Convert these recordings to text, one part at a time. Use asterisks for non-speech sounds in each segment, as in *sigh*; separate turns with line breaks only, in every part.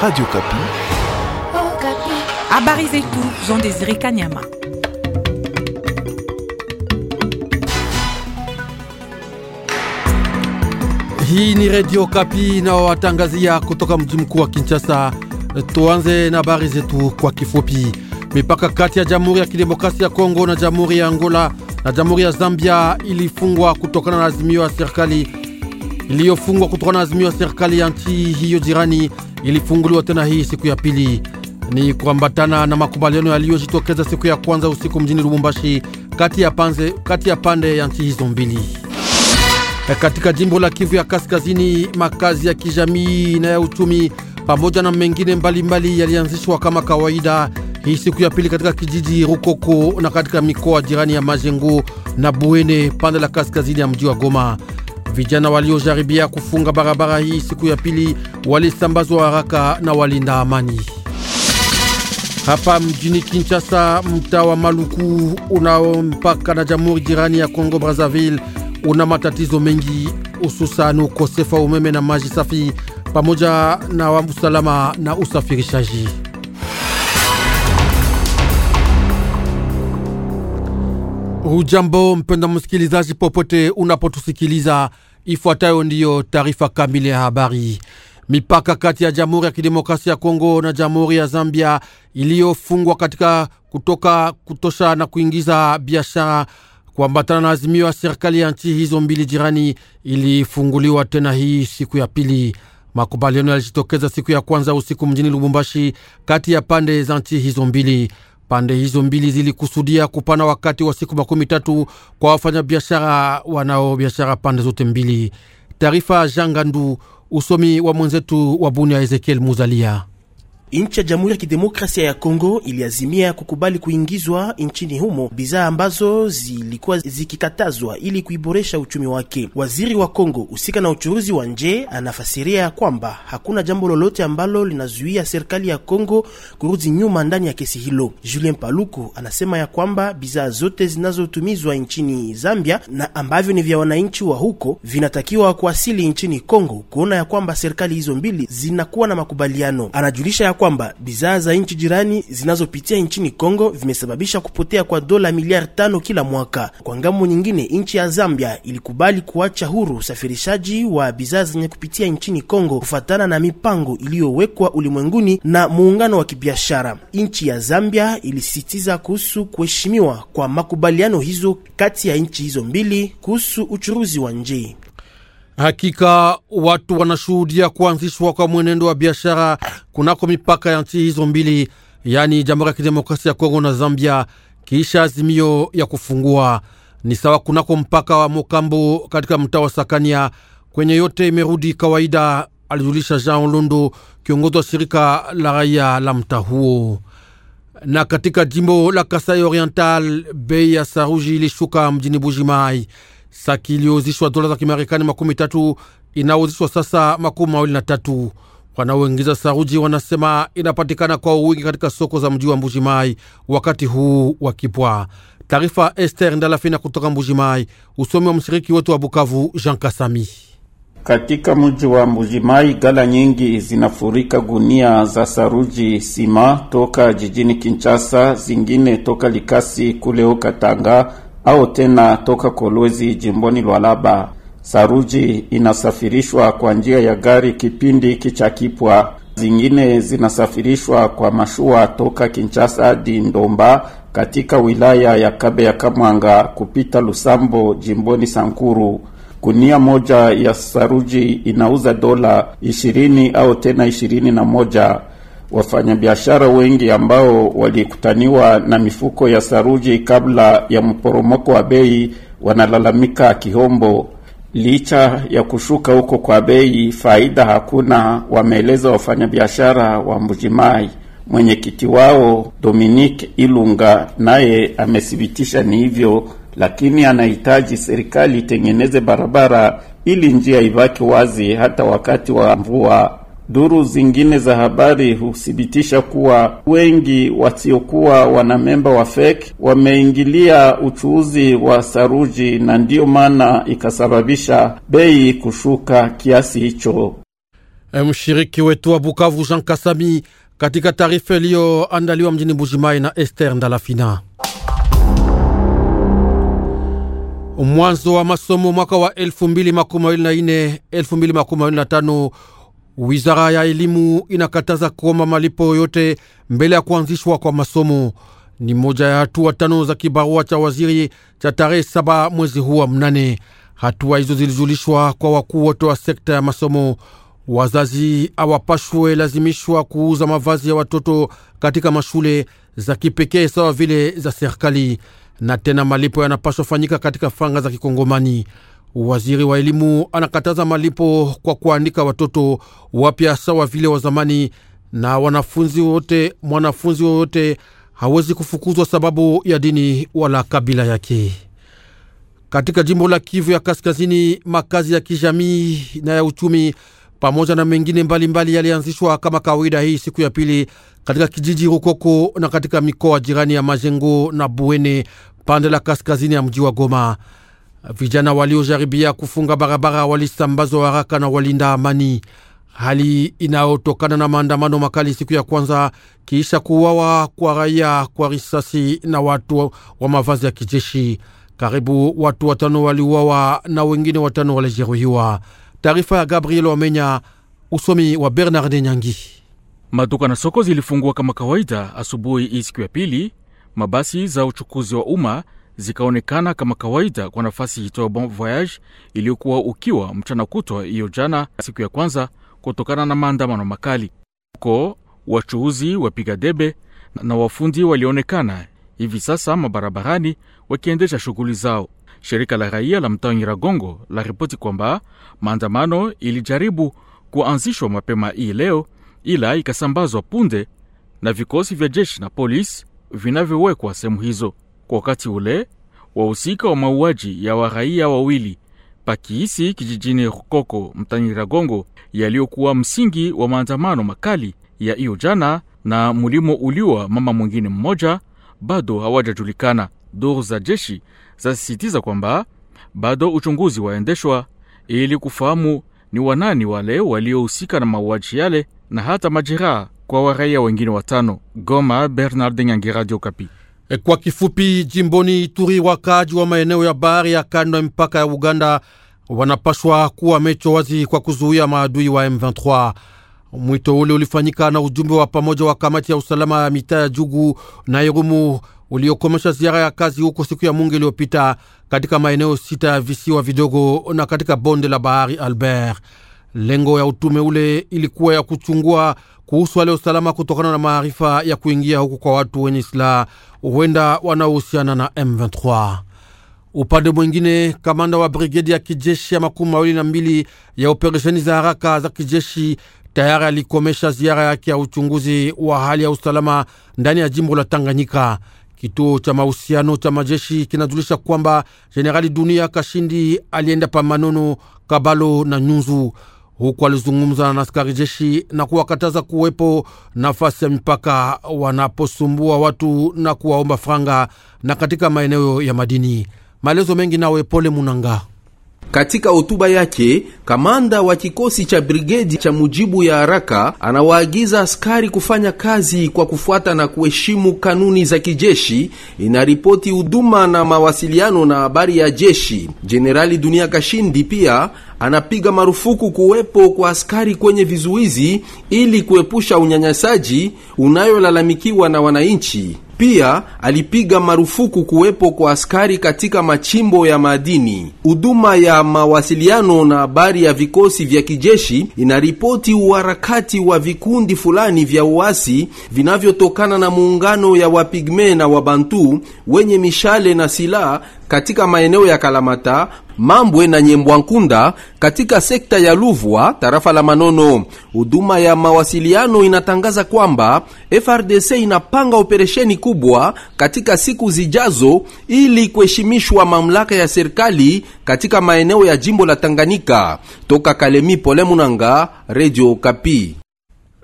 Radio Kapi.
Oh, Kapi. Habari zetu Jean Désiré Kanyama.
Hii ni Radio Kapi watangazia kutoka mji mkuu wa Kinshasa. Tuanze na habari zetu kwa kifupi. Mipaka kati ya Jamhuri ya Kidemokrasia ya Kongo na Jamhuri ya Angola na Jamhuri ya Zambia ilifungwa kutokana na azimio ya serikali iliyofungwa kutokana na azimio ya serikali ya nchi hiyo jirani ilifunguliwa tena hii siku ya pili, ni kuambatana na makubaliano yaliyojitokeza siku ya kwanza usiku mjini Lubumbashi kati ya, panze, kati ya pande ya nchi hizo mbili. Katika jimbo la Kivu ya Kaskazini, makazi ya kijamii na ya uchumi pamoja na mengine mbalimbali yalianzishwa kama kawaida hii siku ya pili katika kijiji Rukoko na katika mikoa jirani ya Majengo na Buene pande la kaskazini ya mji wa Goma. Vijana waliojaribia kufunga barabara hii siku ya pili walisambazwa haraka na walinda amani. Hapa mjini Kinshasa, mtaa wa Maluku unao mpaka na jamhuri jirani ya Kongo Brazzaville una matatizo mengi, hususani ukosefu wa umeme na maji safi pamoja na usalama na usafirishaji. Ujambo mpenda msikilizaji, popote unapotusikiliza, Ifuatayo ndiyo taarifa kamili ya habari. Mipaka kati ya Jamhuri ya Kidemokrasia ya Kongo na Jamhuri ya Zambia iliyofungwa katika kutoka kutosha na kuingiza biashara kuambatana na azimio ya serikali ya nchi hizo mbili jirani ilifunguliwa tena hii siku ya pili. Makubaliano yalijitokeza siku ya kwanza usiku mjini Lubumbashi kati ya pande za nchi hizo mbili. Pande hizo mbili zilikusudia kupana wakati wa siku makumi tatu kwa wafanyabiashara wanao biashara pande zote mbili. Taarifa Gandu, usomi wa mwenzetu wa Bunia, Ezekiel Muzalia. Nchi ya Jamhuri ya Kidemokrasia ya Kongo iliazimia kukubali
kuingizwa nchini humo bidhaa ambazo zilikuwa zikikatazwa ili kuiboresha uchumi wake. Waziri wa Kongo husika na uchuruzi wa nje anafasiria kwamba hakuna jambo lolote ambalo linazuia serikali ya Kongo kurudi nyuma ndani ya kesi hilo. Julien Paluku anasema ya kwamba bidhaa zote zinazotumizwa nchini Zambia na ambavyo ni vya wananchi wa huko vinatakiwa kuasili nchini Kongo, kuona ya kwamba serikali hizo mbili zinakuwa na makubaliano. Anajulisha kwamba bidhaa za nchi jirani zinazopitia nchini Kongo vimesababisha kupotea kwa dola miliari tano kila mwaka. Kwa ngambo nyingine, nchi ya Zambia ilikubali kuacha huru usafirishaji wa bidhaa zenye kupitia nchini Kongo kufuatana na mipango iliyowekwa ulimwenguni na muungano wa kibiashara. Nchi ya Zambia ilisisitiza kuhusu kuheshimiwa kwa makubaliano hizo kati ya nchi hizo mbili kuhusu
uchuruzi wa nje. Hakika watu wanashuhudia kuanzishwa kwa mwenendo wa biashara kunako mipaka ya nchi hizo mbili, yani Jamhuri ya Kidemokrasia ya Kongo na Zambia, kisha azimio ya kufungua ni sawa kunako mpaka wa Mokambo katika mtaa wa Sakania, kwenye yote imerudi kawaida, alijulisha Jean Lundu, kiongozi wa shirika la raia la mtaa huo. Na katika jimbo la Kasai Oriental, bei ya saruji ilishuka mjini Bujimai Saki iliyouzishwa dola za Kimarekani makumi tatu inauzishwa sasa makumi mawili na tatu. Wanaoingiza saruji wanasema inapatikana kwa wingi katika soko za mji wa Mbujimai wakati huu wa kipwa. Taarifa ester Ndalafina kutoka Mbujimai, usomi wa mshiriki wetu wa Bukavu Jean Kasami.
Katika mji wa Mbujimai gala nyingi zinafurika gunia za saruji sima toka jijini Kinshasa, zingine toka Likasi kuleo Katanga au tena toka Kolwezi jimboni Lwalaba. Saruji inasafirishwa kwa njia ya gari kipindi hiki cha kipwa, zingine zinasafirishwa kwa mashua toka Kinshasa hadi Ndomba katika wilaya ya Kabe ya Kamwanga kupita Lusambo jimboni Sankuru. Gunia moja ya saruji inauza dola ishirini au tena ishirini na moja. Wafanyabiashara wengi ambao walikutaniwa na mifuko ya saruji kabla ya mporomoko wa bei wanalalamika kihombo. Licha ya kushuka huko kwa bei, faida hakuna, wameeleza wafanyabiashara wa Mbujimai. Mwenyekiti wao Dominique Ilunga naye amethibitisha ni hivyo, lakini anahitaji serikali itengeneze barabara ili njia ibaki wazi hata wakati wa mvua. Duru zingine za habari huthibitisha kuwa wengi wasiokuwa wanamemba wa FEC wameingilia uchuuzi wa saruji na ndiyo maana ikasababisha bei kushuka kiasi hicho.
Eh, mshiriki wetu wa Bukavu Jean Kasami katika taarifa iliyoandaliwa mjini Bujimai na Esther Ndalafina. Mwanzo wa masomo mwaka wa 2024 2025 Wizara ya elimu inakataza kuomba malipo yoyote mbele ya kuanzishwa kwa masomo. Ni moja ya hatua tano za kibarua cha waziri cha tarehe saba mwezi huu wa mnane. Hatua hizo zilijulishwa kwa wakuu wote wa sekta ya masomo. Wazazi awapashwe lazimishwa kuuza mavazi ya watoto katika mashule za kipekee sawa vile za serikali, na tena malipo yanapashwa fanyika katika fanga za Kikongomani. Waziri wa elimu anakataza malipo kwa kuandika watoto wapya sawa vile wa zamani, na wanafunzi wote, mwanafunzi wowote hawezi kufukuzwa sababu ya dini wala kabila yake. Katika jimbo la Kivu ya Kaskazini, makazi ya kijamii na ya uchumi pamoja na mengine mbalimbali yalianzishwa kama kawaida hii siku ya pili katika kijiji Rukoko na katika mikoa jirani ya Majengo na Buene pande la kaskazini ya mji wa Goma. Vijana waliojaribia kufunga barabara walisambazwa haraka na walinda amani, hali inayotokana na maandamano makali siku ya kwanza kiisha kuuawa kwa raia kwa risasi na watu wa mavazi ya kijeshi. Karibu watu watano waliuawa na wengine watano walijeruhiwa. Taarifa ya Gabriel Wamenya, usomi wa Bernard
Nyangi. Maduka na soko zilifungua kama kawaida asubuhi hii siku ya pili. Mabasi za uchukuzi wa umma zikaonekana kama kawaida kwa nafasi itoa Bon Voyage iliyokuwa ukiwa mchana kutwa hiyo jana, siku ya kwanza, kutokana na maandamano makali huko. Wachuuzi, wapiga debe na wafundi walionekana hivi sasa mabarabarani wakiendesha shughuli zao. Shirika la raia la mtaa Nyiragongo la ripoti kwamba maandamano ilijaribu kuanzishwa mapema hii leo, ila ikasambazwa punde na vikosi vya jeshi na polisi vinavyowekwa sehemu hizo. Kwa wakati ule wahusika wa mauaji ya waraia wawili pakiisi kijijini Rukoko mtani Ragongo, yaliyokuwa msingi wa maandamano makali ya iyo jana na mulimo uliwa mama mwingine mmoja bado hawajajulikana. Duru za jeshi zasisitiza kwamba bado uchunguzi waendeshwa ili kufahamu ni wanani wale waliohusika na mauaji yale na hata majeraha kwa waraia wengine watano. Goma, Bernard Nyangira, Radio kapi E, kwa kifupi, jimboni Ituri, wakaaji wa maeneo ya bahari ya kando ya mpaka ya Uganda
wanapashwa kuwa mecho wazi kwa kuzuia maadui wa M23. Mwito ule ulifanyika na ujumbe wa pamoja wa kamati ya usalama ya mitaa ya Jugu na Irumu uliokomesha ziara ya kazi huko siku ya Mungu iliyopita katika maeneo sita ya visiwa vidogo na katika bonde la bahari Albert. Lengo ya utume ule ilikuwa ya kuchungua kuhusu hali ya usalama kutokana na maarifa ya kuingia huku kwa watu wenye silaha huenda wanaohusiana na M23. Upande mwingine, kamanda wa brigedi ya kijeshi ya makumi mawili na mbili ya operesheni za haraka za kijeshi tayari alikomesha ziara yake ya uchunguzi wa hali ya usalama ndani ya jimbo la Tanganyika. Kituo cha mahusiano cha majeshi kinajulisha kwamba Jenerali Dunia Kashindi alienda pa Manono, Kabalo na Nyunzu huku alizungumza na askari jeshi na kuwakataza kuwepo nafasi ya mipaka wanaposumbua watu na kuwaomba franga na katika maeneo ya madini. Maelezo mengi nawe Pole Munanga. Katika hotuba yake kamanda wa kikosi cha brigedi cha mujibu ya haraka
anawaagiza askari kufanya kazi kwa kufuata na kuheshimu kanuni za kijeshi, inaripoti huduma na mawasiliano na habari ya jeshi. Jenerali Dunia Kashindi pia anapiga marufuku kuwepo kwa askari kwenye vizuizi ili kuepusha unyanyasaji unayolalamikiwa na wananchi. Pia alipiga marufuku kuwepo kwa askari katika machimbo ya madini. Huduma ya mawasiliano na habari ya vikosi vya kijeshi inaripoti uharakati wa vikundi fulani vya uasi vinavyotokana na muungano ya wapigme na wabantu wenye mishale na silaha katika maeneo ya Kalamata, Mambwe na Nyembwankunda katika sekta ya Luvwa, tarafa la Manono. Huduma ya mawasiliano inatangaza kwamba FRDC inapanga operesheni kubwa katika siku zijazo ili kuheshimishwa mamlaka ya serikali katika maeneo ya jimbo la Tanganyika. Toka Kalemi, Pole Munanga, Radio Kapi.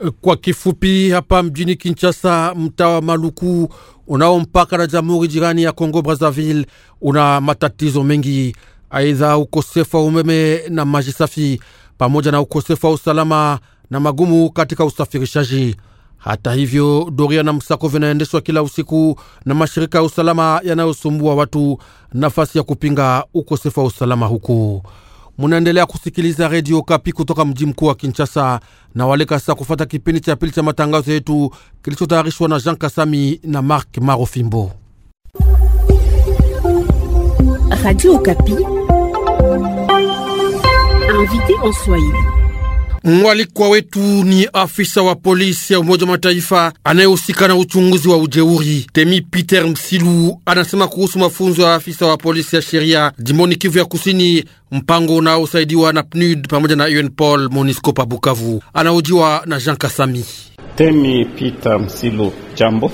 Eh, kwa kifupi, hapa mjini Kinshasa, mtaa wa Maluku unao mpaka na jamhuri jirani ya Kongo Brazzaville una matatizo mengi, aidha ukosefu wa umeme na maji safi, pamoja na ukosefu wa usalama na magumu katika usafirishaji. Hata hivyo, doria na msako vinaendeshwa kila usiku na mashirika ya usalama yanayosumbua watu nafasi ya kupinga ukosefu wa usalama huku Munaendelea kusikiliza redio Kapi kutoka mji mkuu wa Kinshasa na waleka sasa kufata kipindi cha pili cha matangazo yetu kilichotayarishwa na Jean Kasami na Mark Marofimbo.
Radio Kapi invité en Swahili
Mwalikwa wetu ni afisa wa polisi ya Umoja Mataifa anayehusika na uchunguzi wa ujeuri. Temi Peter Msilu anasema kuhusu mafunzo ya afisa wa polisi ya sheria jimboni Kivu ya Kusini, mpango unaosaidiwa na PNUD pamoja na UNPOL MONUSCO pa Bukavu. Anaojiwa na
Jean Kasami. Temi Peter Msilu, jambo.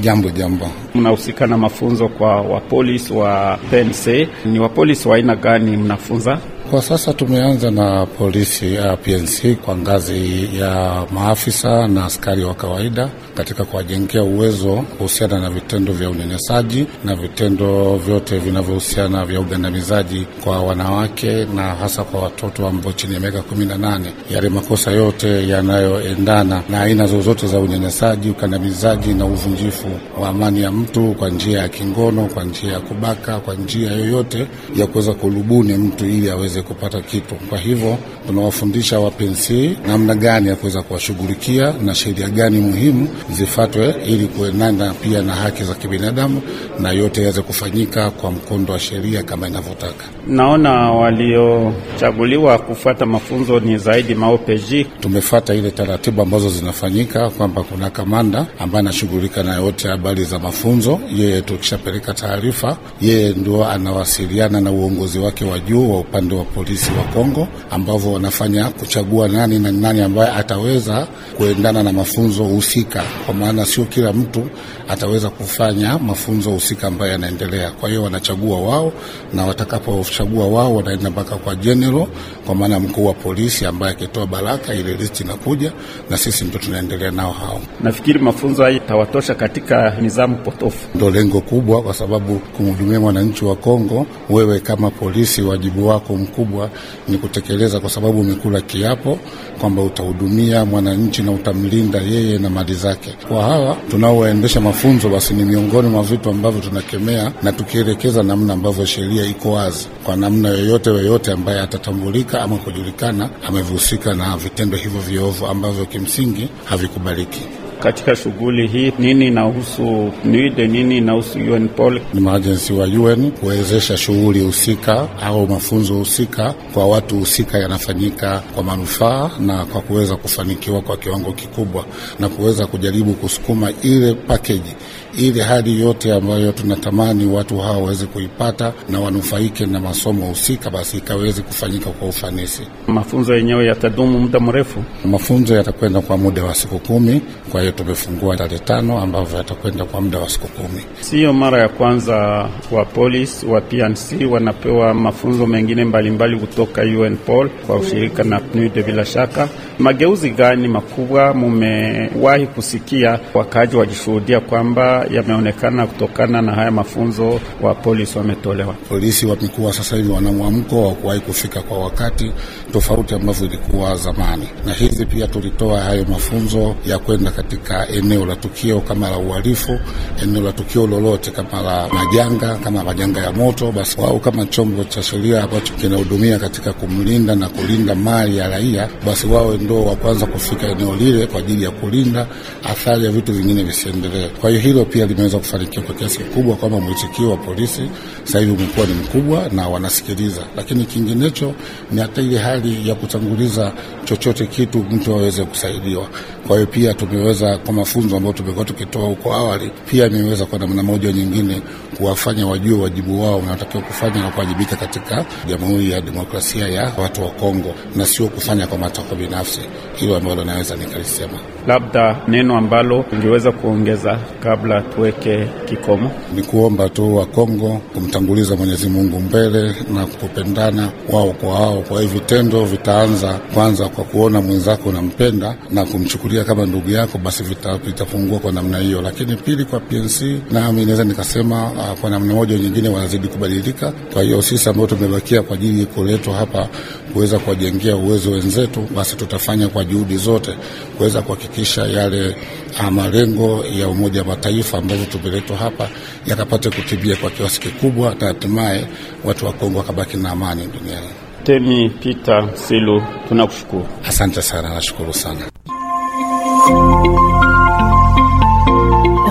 Jambo jambo. Mnahusika na mafunzo kwa wapolisi wa PNC, ni wapolisi wa aina gani
mnafunza? Kwa sasa tumeanza na polisi ya uh, PNC kwa ngazi ya maafisa na askari wa kawaida katika kuwajengea uwezo kuhusiana na vitendo vya unyanyasaji na vitendo vyote vinavyohusiana vya ugandamizaji kwa wanawake na hasa kwa watoto ambao chini ya miaka kumi na nane. Yale makosa yote yanayoendana na aina zozote za unyanyasaji, ukandamizaji na uvunjifu wa amani ya mtu kwa njia ya kingono, kwa njia ya kubaka, kwa njia yoyote ya kuweza kulubuni mtu ili aweze waweze kupata kitu. Kwa hivyo tunawafundisha wapensi namna gani ya kuweza kuwashughulikia na sheria gani muhimu zifatwe ili kuendana pia na haki za kibinadamu na yote yaweze kufanyika kwa mkondo wa sheria kama inavyotaka. Naona waliochaguliwa kufuata mafunzo ni zaidi maopeji. Tumefata ile taratibu ambazo zinafanyika kwamba kuna kamanda ambaye anashughulika na yote habari za mafunzo. Yeye tukishapeleka taarifa, yeye ndio anawasiliana na uongozi wake wa juu wa upande wa wa polisi wa Kongo ambavyo wanafanya kuchagua nani na nani ambaye ataweza kuendana na mafunzo husika, kwa maana sio kila mtu ataweza kufanya mafunzo husika ambayo yanaendelea. Kwa hiyo wanachagua wao, na watakapochagua wao wanaenda mpaka kwa general, kwa maana mkuu wa polisi, ambaye akitoa baraka ile listi inakuja, na sisi ndio tunaendelea nao hao. Nafikiri mafunzo haya tawatosha katika nizamu potofu, ndio lengo kubwa, kwa sababu kumhudumia mwananchi wa Kongo, wewe kama polisi, wajibu wako mkubwa ni kutekeleza, kwa sababu umekula kiapo kwamba utahudumia mwananchi na utamlinda yeye na mali zake. Kwa hawa tunaoendesha mafunzo basi ni miongoni mwa vitu ambavyo tunakemea na tukielekeza namna ambavyo sheria iko wazi kwa namna yoyote yoyote ambaye atatambulika ama kujulikana amevihusika na vitendo hivyo viovu ambavyo kimsingi havikubaliki katika shughuli hii. Nini inahusu NID, nini inahusu UNPOL? Ni maajensi wa UN kuwezesha shughuli husika au mafunzo husika kwa watu husika, yanafanyika kwa manufaa na kwa kuweza kufanikiwa kwa kiwango kikubwa na kuweza kujaribu kusukuma ile pakeji ili hadi yote ambayo tunatamani watu hawa waweze kuipata na wanufaike na masomo husika, basi ikaweze kufanyika kwa ufanisi. Mafunzo yenyewe yatadumu muda mrefu, mafunzo yatakwenda kwa muda wa siku kumi. Kwa hiyo tumefungua tarehe tano ambavyo yatakwenda kwa muda wa siku kumi.
Siyo mara ya kwanza wa polisi wa PNC wanapewa mafunzo mengine mbalimbali kutoka UNPOL kwa ushirika na PNUD. Bila shaka, mageuzi gani makubwa mumewahi kusikia wakaaji wakishuhudia kwamba yameonekana
kutokana na haya mafunzo wa polisi wametolewa. Polisi wamekuwa sasa hivi wana mwamko wa kuwahi kufika kwa wakati, tofauti ambavyo ilikuwa zamani. Na hizi pia tulitoa hayo mafunzo ya kwenda katika eneo la tukio kama la uhalifu, eneo la tukio lolote kama la majanga, kama majanga ya moto, basi wao kama chombo cha sheria ambacho kinahudumia katika kumlinda na kulinda mali ya raia, basi wao ndio wa kwanza kufika eneo lile kwa ajili ya kulinda athari ya vitu vingine visiendelee. Kwa hiyo hilo pia limeweza kufanikiwa kwa kiasi kikubwa kwamba mwitikio wa polisi sasa hivi umekuwa ni mkubwa na wanasikiliza, lakini kinginecho ni hata ile hali ya kutanguliza chochote kitu mtu aweze kusaidiwa. Kwa hiyo pia tumeweza kwa mafunzo ambayo tumekuwa tukitoa huko awali, pia imeweza kwa namna moja nyingine kuwafanya wajue wajibu wao wanatakiwa kufanya na kuwajibika katika Jamhuri ya Demokrasia ya Watu wa Kongo, na sio kufanya kwa matakwa binafsi. Hilo ambalo naweza nikalisema,
labda neno ambalo ungeweza kuongeza kabla tuweke kikomo,
ni kuomba tu wa Kongo kumtanguliza Mwenyezi Mungu mbele na kupendana wao kwa wao. Kwa hiyo vitendo vitaanza kwanza kwa kuona mwenzako unampenda na kumchukulia kama ndugu yako, basi vitapungua kwa namna hiyo. Lakini pili, kwa PNC nami naweza nikasema kwa namna moja nyingine wanazidi kubadilika. Kwa hiyo sisi ambao tumebakia kwa ajili ya kuletwa hapa kuweza kuwajengea uwezo wenzetu, basi tutafanya kwa juhudi zote kuweza kuhakikisha yale ah, malengo ya Umoja wa Mataifa ambazo tumeletwa hapa yakapate kutibia kwa kiasi kikubwa, na hatimaye watu wa Kongo wakabaki na amani duniani. Temi Peter Silu, tunakushukuru. Asante sana, nashukuru sana.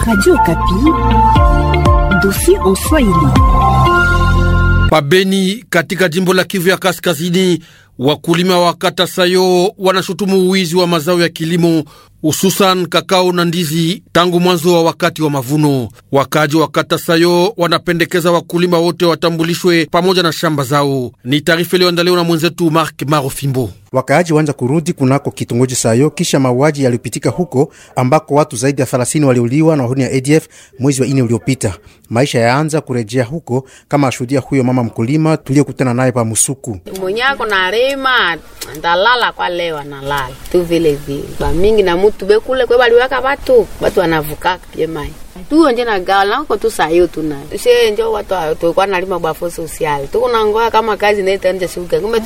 Radio Kapi, dossier en Swahili.
Pabeni katika jimbo la Kivu ya Kaskazini, wakulima wa kata Sayo wanashutumu uwizi wa mazao ya kilimo hususan kakao na ndizi tangu mwanzo wa wakati wa mavuno. Wakaji wa kata Sayo wanapendekeza wakulima wote watambulishwe pamoja na shamba zao. Ni taarifa
iliyoandaliwa na mwenzetu Mark Marofimbo. Wakaaji waanza kurudi kunako kitongoji Sayo kisha mauaji yaliyopitika huko ambako watu zaidi ya 30 waliuliwa na wahuni ya ADF mwezi wa nne uliopita. Maisha yaanza kurejea huko, kama ashuhudia huyo mama mkulima tuliyokutana naye pa Musuku. Mwenyako na rema ndalala kwa leo analala tu vile vile. Bamingi na mutu tube tubekule kwe baliweka batu batu wanavukaka mai tu onje na gawa ko tu sayo tu na sie njo watu kwa na lima bafo social tu sosiali ngoa kama kazi naita nje siuke kumbe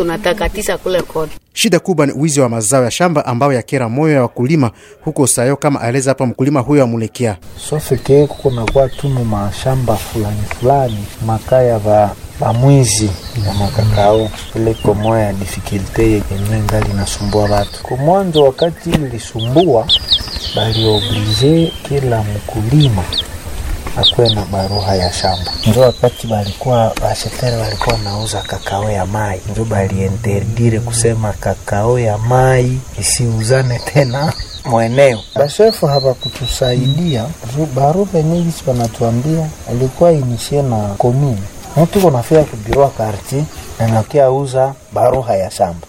tisa kule kote. Shida kubwa ni wizi wa mazao ya shamba ambayo yakera moyo ya wakulima huko Sayo, kama aeleza hapa mkulima huyo amulekea
sofike kuko nakuwa tu mu mashamba fulani fulani makaya ba va bamwizi ya makakao ile komo ya difikulte yenye ngali nasumbua batu kumwanzo. Wakati ilisumbua balioblize kila mkulima akuwe na baruha ya shamba, njo wakati balikuwa bashetere balikuwa nauza kakao ya mai, njo baliinterdire kusema kakao ya mai isiuzane tena *laughs* mweneo bashefu habakutusaidia. Baruha yenye gisi banatuambia alikuwa inishie na komini Mtu unafia kubiroa karti nanakiauza baruha ya shamba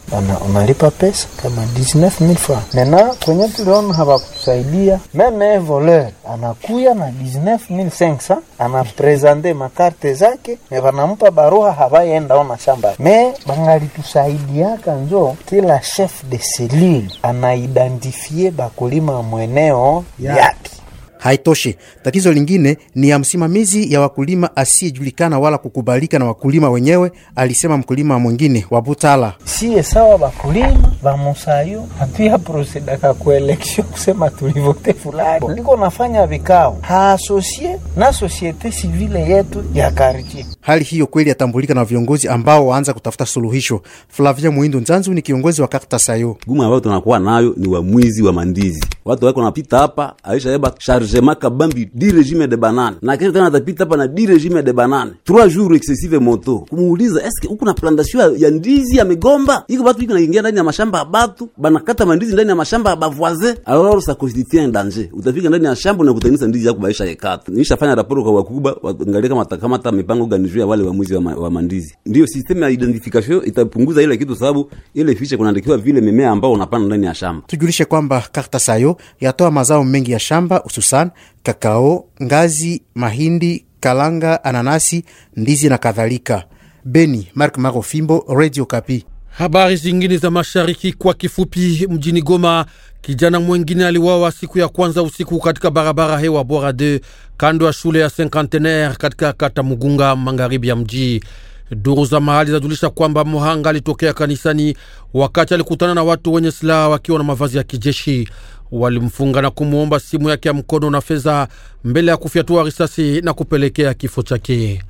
unalipa pesa kama 19000 francs. Nena kwenye tuliona havakutusaidia meme voler anakuya na 19500 anaprezande makarte zake na wanampa baruha hawaenda ona shamba me bangalitusaidiaka njo kila chef de selule anaidentifie bakulima mweneo yake
haitoshi. Tatizo lingine ni ya msimamizi ya wakulima asiyejulikana wala kukubalika na wakulima wenyewe, alisema mkulima mwingine wa Butala.
Siye sawa wakulima wa Musayu hatuya prosedaka ku eleksio kusema tulivote fulani, liko nafanya vikao haasosie na sosiete sivile yetu ya karitie.
Hali hiyo kweli yatambulika na viongozi ambao waanza kutafuta suluhisho. Flavia Muhindo Nzanzu ni kiongozi wa Kaktasayo.
Gumu ambayo tunakuwa nayo ni wamwizi wa mandizi, watu wako napita hapa aisha yeba charge chargement kabambi di régime de banane na kesho tena atapita hapa na di régime de banane 3 jours excessive moto kumuuliza eske huko na plantation ya ndizi ya migomba iko batu iko naingia ndani ya mashamba ya batu banakata mandizi ndani ya mashamba ya bavoisin alors ça constitue un danger utafika ndani ya shamba na kutengeneza ndizi yako baisha yekata nishafanya raporo kwa wakubwa waangalie kama kama hata mipango ganizwe ya wale wamuzi wa, wa mandizi ndio system ya identification itapunguza ile kitu sababu ile fiche kunaandikiwa vile mimea ambao unapanda ndani ya shamba
tujulishe kwamba Kartasayo yatoa mazao mengi ya shamba hususan hususan kakao, ngazi, mahindi, kalanga, ananasi, ndizi na kadhalika. Beni, Mark Marofimbo, Radio Kapi.
Habari zingine za mashariki kwa kifupi. Mjini Goma, kijana mwengine aliwawa siku ya kwanza usiku katika barabara hewa bora de kando ya shule ya Cinquantenaire katika kata Mugunga, magharibi ya mji. Duru za mahali zajulisha kwamba mohanga alitokea kanisani wakati alikutana na watu wenye silaha wakiwa na mavazi ya kijeshi walimfunga na kumwomba simu yake ya mkono na fedha mbele ya kufyatua risasi na kupelekea kifo chake.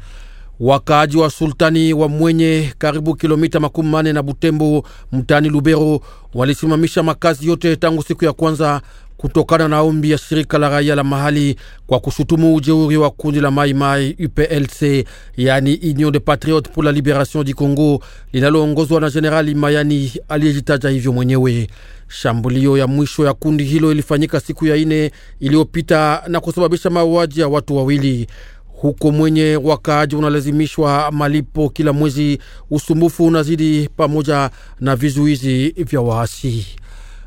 Wakaaji wa sultani wa Mwenye, karibu kilomita makumi mane na Butembo, mtaani Lubero, walisimamisha makazi yote tangu siku ya kwanza kutokana na ombi ya shirika la raia la mahali kwa kushutumu ujeuri wa kundi la Maimai UPLC, yani Union de Patriotes pour la Liberation du Congo, linaloongozwa na Jenerali Mayani aliyejitaja hivyo mwenyewe. Shambulio ya mwisho ya kundi hilo ilifanyika siku ya ine iliyopita na kusababisha mauaji ya watu wawili huko mwenye wakaaji unalazimishwa malipo kila mwezi. Usumbufu unazidi pamoja na vizuizi vya waasi.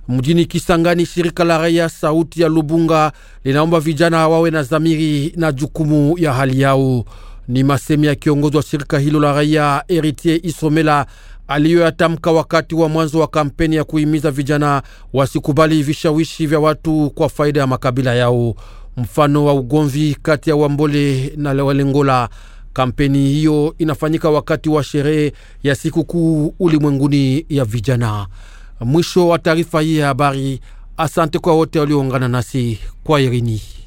Mjini Kisangani, shirika la raia Sauti ya Lubunga linaomba vijana wawe na dhamiri na jukumu ya hali yao. Ni masemi ya kiongozi wa shirika hilo la raia Heritier Isomela aliyoyatamka wakati wa mwanzo wa kampeni ya kuhimiza vijana wasikubali vishawishi vya watu kwa faida ya makabila yao, mfano wa ugomvi kati ya Wambole na Walengola. Kampeni hiyo inafanyika wakati wa sherehe ya sikukuu ulimwenguni ya vijana. Mwisho wa taarifa hii ya habari. Asante kwa wote walioungana nasi kwa Irini.